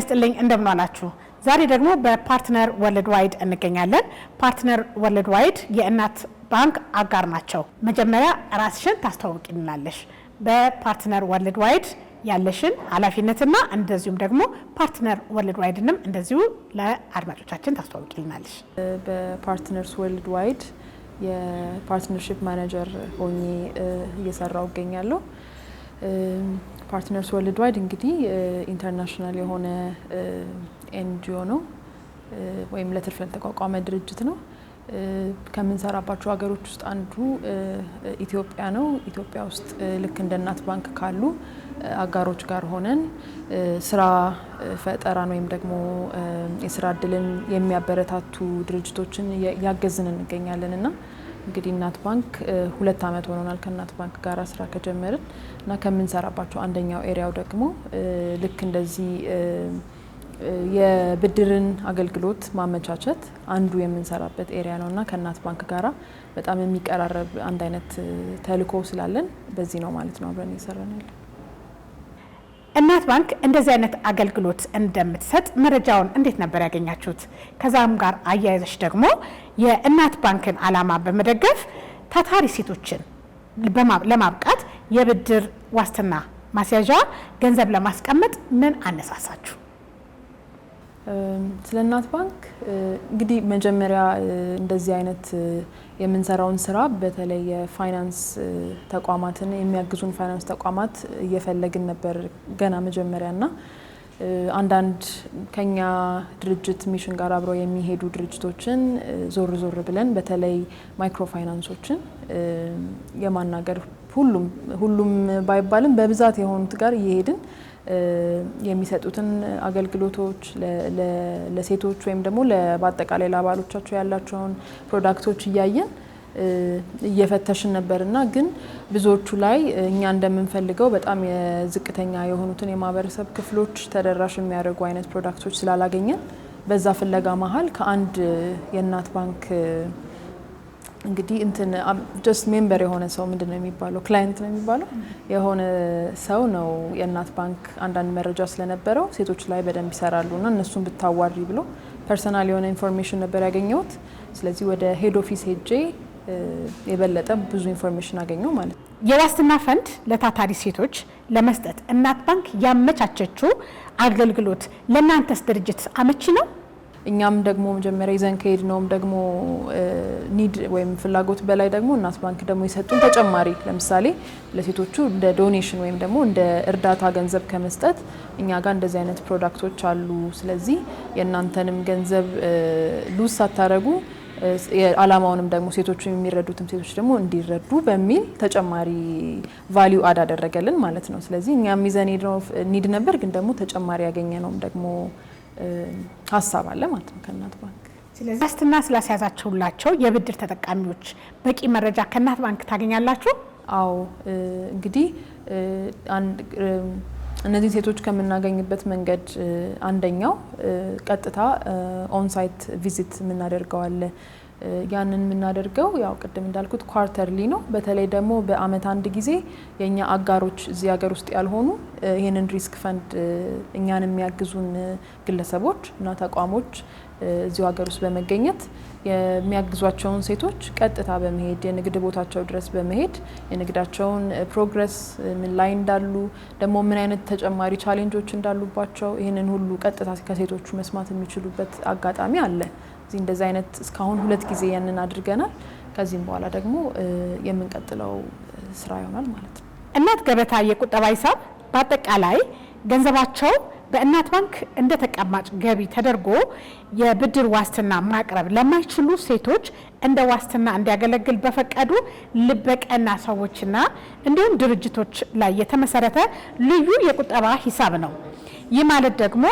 ይስጥልኝ እንደምን ዋላችሁ። ዛሬ ደግሞ በፓርትነር ወርልድ ዋይድ እንገኛለን። ፓርትነር ወርልድ ዋይድ የእናት ባንክ አጋር ናቸው። መጀመሪያ ራስሽን ታስተዋውቂናለሽ፣ በፓርትነር ወርልድ ዋይድ ያለሽን ኃላፊነትና እንደዚሁም ደግሞ ፓርትነር ወርልድ ዋይድንም እንደዚሁ ለአድማጮቻችን ታስተዋውቂልናለሽ። በፓርትነርስ ወርልድ ዋይድ የፓርትነርሽፕ ማናጀር ሆኜ እየሰራው እገኛለሁ። ፓርትነርስ ወርልድ ዋይድ እንግዲህ ኢንተርናሽናል የሆነ ኤንጂኦ ነው ወይም ለትርፍ ያልተቋቋመ ድርጅት ነው። ከምንሰራባቸው ሀገሮች ውስጥ አንዱ ኢትዮጵያ ነው። ኢትዮጵያ ውስጥ ልክ እንደ እናት ባንክ ካሉ አጋሮች ጋር ሆነን ስራ ፈጠራን ወይም ደግሞ የስራ እድልን የሚያበረታቱ ድርጅቶችን እያገዝን እንገኛለን እና እንግዲህ እናት ባንክ ሁለት ዓመት ሆኖናል ከእናት ባንክ ጋር ስራ ከጀመርን እና ከምንሰራባቸው አንደኛው ኤሪያው ደግሞ ልክ እንደዚህ የብድርን አገልግሎት ማመቻቸት አንዱ የምንሰራበት ኤሪያ ነው እና ከእናት ባንክ ጋራ በጣም የሚቀራረብ አንድ አይነት ተልኮ ስላለን በዚህ ነው ማለት ነው አብረን እየሰራን ያለን። እናት ባንክ እንደዚህ አይነት አገልግሎት እንደምትሰጥ መረጃውን እንዴት ነበር ያገኛችሁት? ከዛም ጋር አያይዘሽ ደግሞ የእናት ባንክን ዓላማ በመደገፍ ታታሪ ሴቶችን ለማብቃት የብድር ዋስትና ማስያዣ ገንዘብ ለማስቀመጥ ምን አነሳሳችሁ? ስለ እናት ባንክ እንግዲህ መጀመሪያ እንደዚህ አይነት የምንሰራውን ስራ በተለይ የፋይናንስ ተቋማትን የሚያግዙን ፋይናንስ ተቋማት እየፈለግን ነበር ገና መጀመሪያ እና አንዳንድ ከኛ ድርጅት ሚሽን ጋር አብረው የሚሄዱ ድርጅቶችን ዞር ዞር ብለን በተለይ ማይክሮ ፋይናንሶችን የማናገር ሁሉም ሁሉም ባይባልም በብዛት የሆኑት ጋር እየሄድን የሚሰጡትን አገልግሎቶች ለሴቶች ወይም ደግሞ በአጠቃላይ ለአባሎቻቸው ያላቸውን ፕሮዳክቶች እያየን እየፈተሽን ነበር እና ግን ብዙዎቹ ላይ እኛ እንደምንፈልገው በጣም የዝቅተኛ የሆኑትን የማህበረሰብ ክፍሎች ተደራሽ የሚያደርጉ አይነት ፕሮዳክቶች ስላላገኘን በዛ ፍለጋ መሀል ከአንድ የእናት ባንክ እንግዲህ እንትን ጀስት ሜምበር የሆነ ሰው ምንድን ነው የሚባለው? ክላይንት ነው የሚባለው። የሆነ ሰው ነው የእናት ባንክ አንዳንድ መረጃ ስለነበረው ሴቶች ላይ በደንብ ይሰራሉ እና እነሱን ብታዋሪ ብሎ ፐርሰናል የሆነ ኢንፎርሜሽን ነበር ያገኘሁት። ስለዚህ ወደ ሄድ ኦፊስ ሄጄ የበለጠ ብዙ ኢንፎርሜሽን አገኘው ማለት ነው። የዋስትና ፈንድ ለታታሪ ሴቶች ለመስጠት እናት ባንክ ያመቻቸችው አገልግሎት ለእናንተስ ድርጅት አመቺ ነው? እኛም ደግሞ መጀመሪያ ይዘን ከሄድ ነውም ደግሞ ኒድ ወይም ፍላጎት በላይ ደግሞ እናት ባንክ ደግሞ የሰጡን ተጨማሪ ለምሳሌ ለሴቶቹ እንደ ዶኔሽን ወይም ደግሞ እንደ እርዳታ ገንዘብ ከመስጠት እኛ ጋር እንደዚህ አይነት ፕሮዳክቶች አሉ። ስለዚህ የእናንተንም ገንዘብ ሉዝ ሳታደረጉ አላማውንም ደግሞ ሴቶቹ የሚረዱትም ሴቶች ደግሞ እንዲረዱ በሚል ተጨማሪ ቫሊዩ አድ አደረገልን ማለት ነው። ስለዚህ እኛም ይዘን ሄድነው ኒድ ነበር፣ ግን ደግሞ ተጨማሪ ነውም ደግሞ ሀሳብ አለ ማለት ነው ከእናት ባንክ። ስለዚህ ዋስትና ስላስያዛችሁላቸው የብድር ተጠቃሚዎች በቂ መረጃ ከእናት ባንክ ታገኛላችሁ? አዎ እንግዲህ እነዚህ ሴቶች ከምናገኝበት መንገድ አንደኛው ቀጥታ ኦንሳይት ቪዚት የምናደርገው ያንን የምናደርገው ያው ቅድም እንዳልኩት ኳርተርሊ ነው። በተለይ ደግሞ በአመት አንድ ጊዜ የእኛ አጋሮች እዚህ ሀገር ውስጥ ያልሆኑ ይህንን ሪስክ ፈንድ እኛን የሚያግዙን ግለሰቦች እና ተቋሞች እዚሁ ሀገር ውስጥ በመገኘት የሚያግዟቸውን ሴቶች ቀጥታ በመሄድ የንግድ ቦታቸው ድረስ በመሄድ የንግዳቸውን ፕሮግረስ ምን ላይ እንዳሉ ደግሞ ምን አይነት ተጨማሪ ቻሌንጆች እንዳሉባቸው ይህንን ሁሉ ቀጥታ ከሴቶቹ መስማት የሚችሉበት አጋጣሚ አለ። እዚህ እንደዚህ አይነት እስካሁን ሁለት ጊዜ ያንን አድርገናል። ከዚህም በኋላ ደግሞ የምንቀጥለው ስራ ይሆናል ማለት ነው። እናት ገበታ የቁጠባ ሂሳብ በአጠቃላይ ገንዘባቸው በእናት ባንክ እንደ ተቀማጭ ገቢ ተደርጎ የብድር ዋስትና ማቅረብ ለማይችሉ ሴቶች እንደ ዋስትና እንዲያገለግል በፈቀዱ ልበቀና ሰዎችና እንዲሁም ድርጅቶች ላይ የተመሰረተ ልዩ የቁጠባ ሂሳብ ነው። ይህ ማለት ደግሞ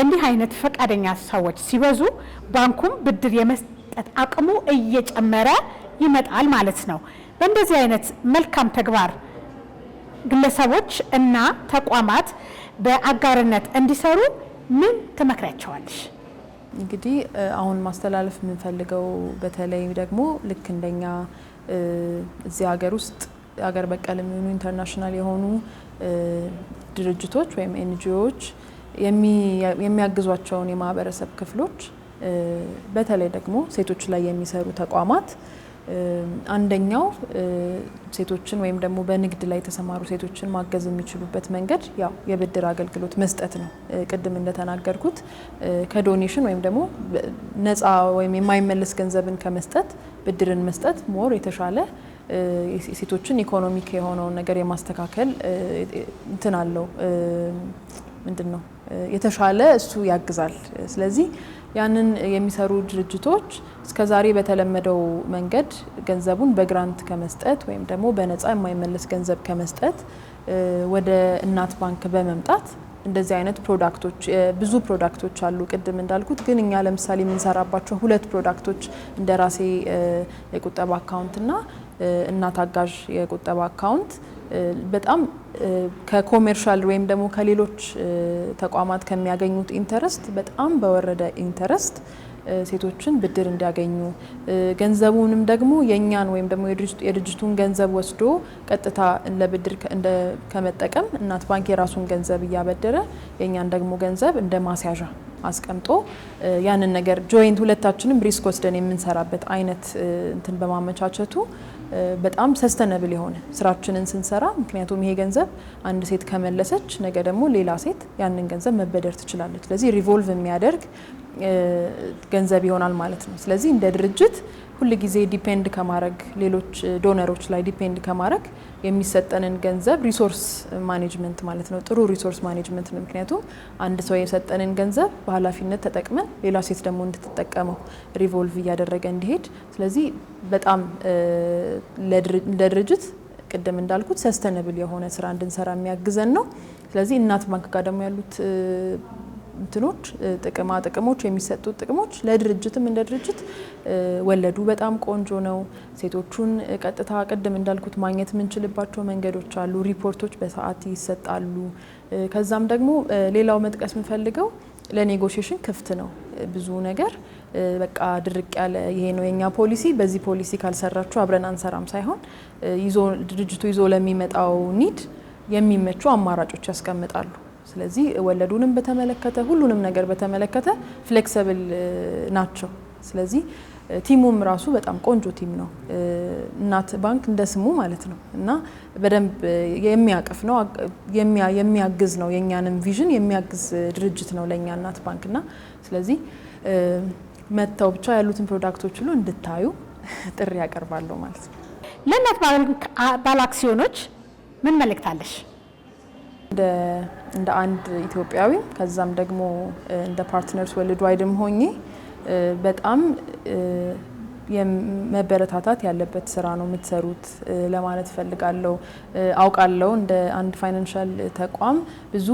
እንዲህ አይነት ፈቃደኛ ሰዎች ሲበዙ ባንኩም ብድር የመስጠት አቅሙ እየጨመረ ይመጣል ማለት ነው። በእንደዚህ አይነት መልካም ተግባር ግለሰቦች እና ተቋማት በአጋርነት እንዲሰሩ ምን ትመክሪያቸዋለሽ? እንግዲህ አሁን ማስተላለፍ የምንፈልገው በተለይ ደግሞ ልክ እንደኛ እዚህ ሀገር ውስጥ ሀገር በቀል የሚሆኑ ኢንተርናሽናል የሆኑ ድርጅቶች ወይም ኤንጂኦዎች የሚያግዟቸውን የማህበረሰብ ክፍሎች በተለይ ደግሞ ሴቶች ላይ የሚሰሩ ተቋማት አንደኛው ሴቶችን ወይም ደግሞ በንግድ ላይ የተሰማሩ ሴቶችን ማገዝ የሚችሉበት መንገድ ያው የብድር አገልግሎት መስጠት ነው። ቅድም እንደተናገርኩት ከዶኔሽን ወይም ደግሞ ነፃ ወይም የማይመለስ ገንዘብን ከመስጠት ብድርን መስጠት ሞር የተሻለ ሴቶችን ኢኮኖሚክ የሆነውን ነገር የማስተካከል እንትን አለው ምንድን ነው የተሻለ እሱ ያግዛል። ስለዚህ ያንን የሚሰሩ ድርጅቶች እስከዛሬ በተለመደው መንገድ ገንዘቡን በግራንት ከመስጠት ወይም ደግሞ በነፃ የማይመለስ ገንዘብ ከመስጠት ወደ እናት ባንክ በመምጣት እንደዚህ አይነት ፕሮዳክቶች ብዙ ፕሮዳክቶች አሉ። ቅድም እንዳልኩት ግን እኛ ለምሳሌ የምንሰራባቸው ሁለት ፕሮዳክቶች እንደ ራሴ የቁጠባ አካውንትና እናት አጋዥ የቁጠባ አካውንት በጣም ከኮሜርሻል ወይም ደግሞ ከሌሎች ተቋማት ከሚያገኙት ኢንተረስት በጣም በወረደ ኢንተረስት ሴቶችን ብድር እንዲያገኙ ገንዘቡንም ደግሞ የእኛን ወይም ደግሞ የድርጅቱን ገንዘብ ወስዶ ቀጥታ ለብድር ከመጠቀም እናት ባንክ የራሱን ገንዘብ እያበደረ የእኛን ደግሞ ገንዘብ እንደ ማስያዣ አስቀምጦ ያንን ነገር ጆይንት ሁለታችንም ሪስክ ወስደን የምንሰራበት አይነት እንትን በማመቻቸቱ በጣም ሰስተነብል የሆነ ስራችንን ስንሰራ ምክንያቱም ይሄ ገንዘብ አንድ ሴት ከመለሰች ነገ ደግሞ ሌላ ሴት ያንን ገንዘብ መበደር ትችላለች። ስለዚህ ሪቮልቭ የሚያደርግ ገንዘብ ይሆናል ማለት ነው። ስለዚህ እንደ ድርጅት ሁል ጊዜ ዲፔንድ ከማድረግ ሌሎች ዶነሮች ላይ ዲፔንድ ከማድረግ የሚሰጠንን ገንዘብ ሪሶርስ ማኔጅመንት ማለት ነው፣ ጥሩ ሪሶርስ ማኔጅመንት ነው። ምክንያቱም አንድ ሰው የሰጠንን ገንዘብ በኃላፊነት ተጠቅመን ሌላ ሴት ደግሞ እንድትጠቀመው ሪቮልቭ እያደረገ እንዲሄድ። ስለዚህ በጣም ለድርጅት ቅድም እንዳልኩት ሰስተነብል የሆነ ስራ እንድንሰራ የሚያግዘን ነው። ስለዚህ እናት ባንክ ጋር ደግሞ ያሉት እንትኖች ጥቅማ ጥቅሞች የሚሰጡት ጥቅሞች ለድርጅትም እንደ ድርጅት ወለዱ በጣም ቆንጆ ነው። ሴቶቹን ቀጥታ ቅድም እንዳልኩት ማግኘት የምንችልባቸው መንገዶች አሉ። ሪፖርቶች በሰዓት ይሰጣሉ። ከዛም ደግሞ ሌላው መጥቀስ የምፈልገው ለኔጎሽሽን ክፍት ነው። ብዙ ነገር በቃ ድርቅ ያለ ይሄ ነው የኛ ፖሊሲ፣ በዚህ ፖሊሲ ካልሰራችሁ አብረን አንሰራም ሳይሆን ይዞ ድርጅቱ ይዞ ለሚመጣው ኒድ የሚመቹ አማራጮች ያስቀምጣሉ። ስለዚህ ወለዱንም በተመለከተ ሁሉንም ነገር በተመለከተ ፍሌክሰብል ናቸው። ስለዚህ ቲሙም ራሱ በጣም ቆንጆ ቲም ነው። እናት ባንክ እንደ ስሙ ማለት ነው እና በደንብ የሚያቅፍ ነው፣ የሚያግዝ ነው፣ የእኛንም ቪዥን የሚያግዝ ድርጅት ነው ለእኛ እናት ባንክ እና ስለዚህ መጥተው ብቻ ያሉትን ፕሮዳክቶች ሁሉ እንድታዩ ጥሪ ያቀርባለሁ ማለት ነው። ለእናት ባለ አክሲዮኖች ምን መልእክት አለሽ? እንደ አንድ ኢትዮጵያዊ ከዛም ደግሞ እንደ ፓርትነርስ ወልድ ዋይድም ሆኜ በጣም መበረታታት ያለበት ስራ ነው የምትሰሩት ለማለት እፈልጋለሁ። አውቃለሁ እንደ አንድ ፋይናንሻል ተቋም ብዙ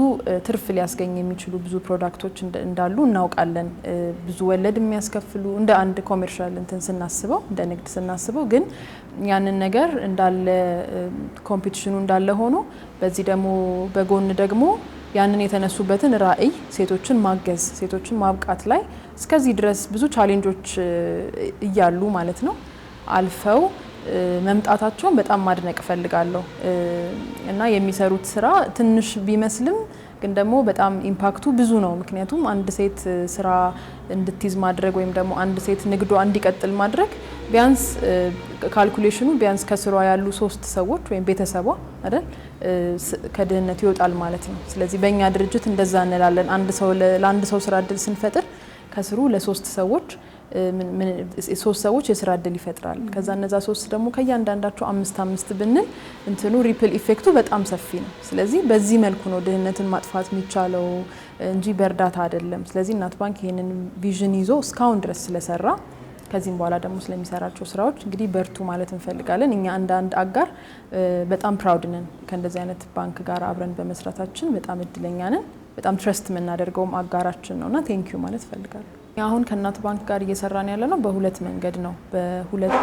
ትርፍ ሊያስገኝ የሚችሉ ብዙ ፕሮዳክቶች እንዳሉ እናውቃለን። ብዙ ወለድ የሚያስከፍሉ እንደ አንድ ኮሜርሻል እንትን ስናስበው፣ እንደ ንግድ ስናስበው ግን ያንን ነገር እንዳለ ኮምፒቲሽኑ እንዳለ ሆኖ በዚህ ደግሞ በጎን ደግሞ ያንን የተነሱበትን ራዕይ ሴቶችን ማገዝ ሴቶችን ማብቃት ላይ እስከዚህ ድረስ ብዙ ቻሌንጆች እያሉ ማለት ነው አልፈው መምጣታቸውን በጣም ማድነቅ እፈልጋለሁ እና የሚሰሩት ስራ ትንሽ ቢመስልም ግን ደግሞ በጣም ኢምፓክቱ ብዙ ነው። ምክንያቱም አንድ ሴት ስራ እንድትይዝ ማድረግ ወይም ደግሞ አንድ ሴት ንግዷ እንዲቀጥል ማድረግ ቢያንስ ካልኩሌሽኑ ቢያንስ ከስሯ ያሉ ሶስት ሰዎች ወይም ቤተሰቧ አይደል ከድህነት ይወጣል ማለት ነው። ስለዚህ በእኛ ድርጅት እንደዛ እንላለን። አንድ ሰው ለአንድ ሰው ስራ እድል ስንፈጥር ከስሩ ለሶስት ሰዎች ሶስት ሰዎች የስራ እድል ይፈጥራል። ከዛ እነዛ ሶስት ደግሞ ከእያንዳንዳቸው አምስት አምስት ብንል እንትኑ ሪፕል ኢፌክቱ በጣም ሰፊ ነው። ስለዚህ በዚህ መልኩ ነው ድህነትን ማጥፋት የሚቻለው እንጂ በእርዳታ አይደለም። ስለዚህ እናት ባንክ ይህንን ቪዥን ይዞ እስካሁን ድረስ ስለሰራ ከዚህም በኋላ ደግሞ ስለሚሰራቸው ስራዎች እንግዲህ በርቱ ማለት እንፈልጋለን። እኛ እንደ አንድ አጋር በጣም ፕራውድ ነን። ከእንደዚህ አይነት ባንክ ጋር አብረን በመስራታችን በጣም እድለኛ ነን። በጣም ትረስት የምናደርገውም አጋራችን ነውና ቴንኪዩ ማለት እፈልጋለሁ። አሁን ከእናት ባንክ ጋር እየሰራን ያለ ነው በሁለት መንገድ ነው በሁለት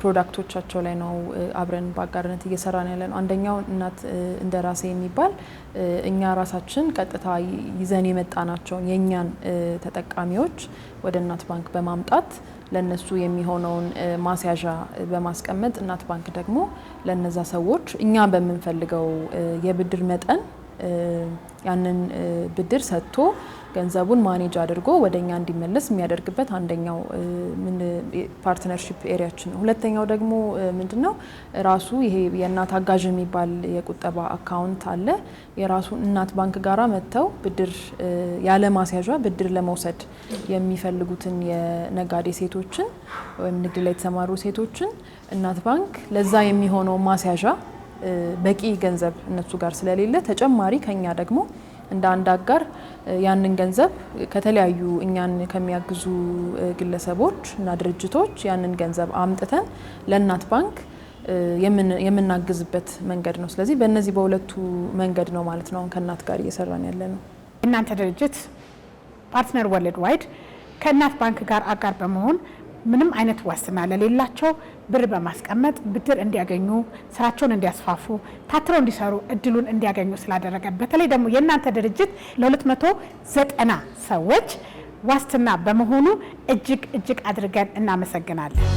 ፕሮዳክቶቻቸው ላይ ነው አብረን በአጋርነት እየሰራን ያለ ነው። አንደኛው እናት እንደ ራሴ የሚባል እኛ ራሳችን ቀጥታ ይዘን የመጣናቸውን የእኛን ተጠቃሚዎች ወደ እናት ባንክ በማምጣት ለነሱ የሚሆነውን ማስያዣ በማስቀመጥ እናት ባንክ ደግሞ ለነዛ ሰዎች እኛ በምንፈልገው የብድር መጠን ያንን ብድር ሰጥቶ ገንዘቡን ማኔጅ አድርጎ ወደ እኛ እንዲመለስ የሚያደርግበት አንደኛው ፓርትነርሽፕ ኤሪያችን ነው። ሁለተኛው ደግሞ ምንድነው ራሱ ይሄ የእናት አጋዥ የሚባል የቁጠባ አካውንት አለ። የራሱ እናት ባንክ ጋራ መጥተው ብድር ያለ ማስያዣ ብድር ለመውሰድ የሚፈልጉትን የነጋዴ ሴቶችን ወይም ንግድ ላይ የተሰማሩ ሴቶችን እናት ባንክ ለዛ የሚሆነው ማስያዣ በቂ ገንዘብ እነሱ ጋር ስለሌለ ተጨማሪ ከኛ ደግሞ እንደ አንድ አጋር ያንን ገንዘብ ከተለያዩ እኛን ከሚያግዙ ግለሰቦች እና ድርጅቶች ያንን ገንዘብ አምጥተን ለእናት ባንክ የምናግዝበት መንገድ ነው። ስለዚህ በእነዚህ በሁለቱ መንገድ ነው ማለት ነው አሁን ከእናት ጋር እየሰራን ያለ ነው። የእናንተ ድርጅት ፓርትነር ወርልድ ዋይድ ከእናት ባንክ ጋር አጋር በመሆን ምንም አይነት ዋስትና ለሌላቸው ብር በማስቀመጥ ብድር እንዲያገኙ ስራቸውን እንዲያስፋፉ ታትረው እንዲሰሩ እድሉን እንዲያገኙ ስላደረገ በተለይ ደግሞ የእናንተ ድርጅት ለ290 ሰዎች ዋስትና በመሆኑ እጅግ እጅግ አድርገን እናመሰግናለን።